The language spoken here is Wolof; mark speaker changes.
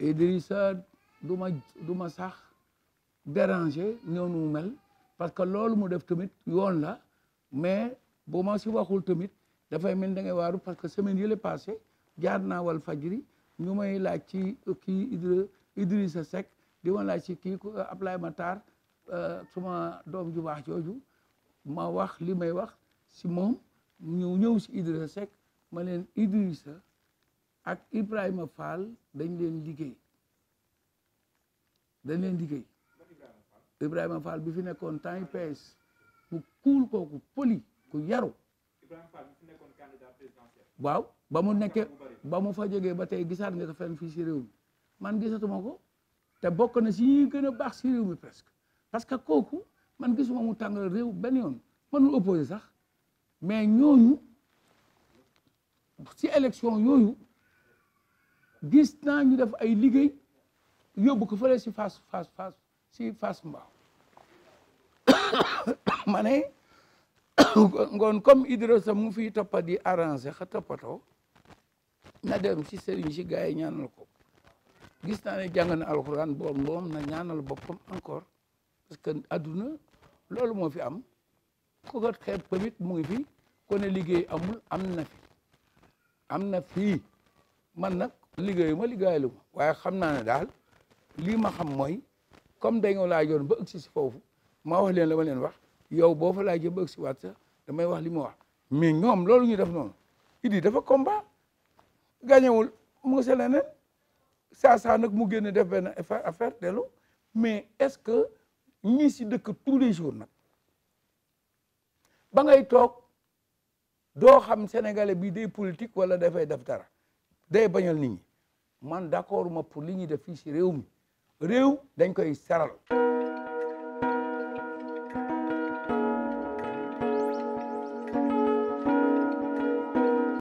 Speaker 1: Idrissa du ma du ma sax déranger noonu mel parce que loolu mu def tamit yoon la mais bu ma si waxul tamit dafay mel da ngay waaru parce que semaine yële passé jaar naa wal fajri ñu may laaj ci kii Idrissa Seck di ma laaj ci kii Ablaye Matar euh, suma doom ju baax jooju ma wax li may wax si moom ñu ñëw si Idrissa Seck ma leen Idrissa ak Ibrahima Fall dañ leen liggéey dañ leen liggéey Ibrahima Fall bi fi nekkoon temps yi PS ku kuul kooku poli ku yaru waaw ba mu nekkee ba mu fa jógee ba tey gisaat nga ko fenn fii si réew mi man gisatuma ko te bokk na si ñuy gën a baax si réew mi presque parce que kooku man gisuma mu tàngal réew benn yoon mënul sax mais ñooñu si élection yooyu gis naa ñu def ay liggéey yóbbu ko fële si Fass Fass Fass si Fass Mbao ma ne ngoon comme Idrissa mu fi toppa di arrangé xa toppatoo na dem si sëriñ si gars yi ko gis naa ne jàng na alxuraan boom na ñaanal boppam encore parce que adduna loolu moo fi am ku ko xeeb tamit mu ngi fi kon liggéey amul am na fi am na fii man na liggéeyu ma liggéeyalu ma waaye xam naa ne daal lii ma xam mooy comme da nga laajoon ba ëgsi si foofu ma wax leen la ma leen wax yow boo fa laajee ba ëgsi waat sax damay wax li ma wax mais ñoom loolu ñu def noonu idi dafa combat gañewul mu ngi sa leneen saa saa nag mu génne def benn affaire dellu mais est-ce que ñi si dëkk tous les jours nag ba ngay toog doo xam sénégalais bi day politique wala def def dara day bañal nit ñi man d'accord ma pour li ñuy def fii ci réew mi réew dañ koy saral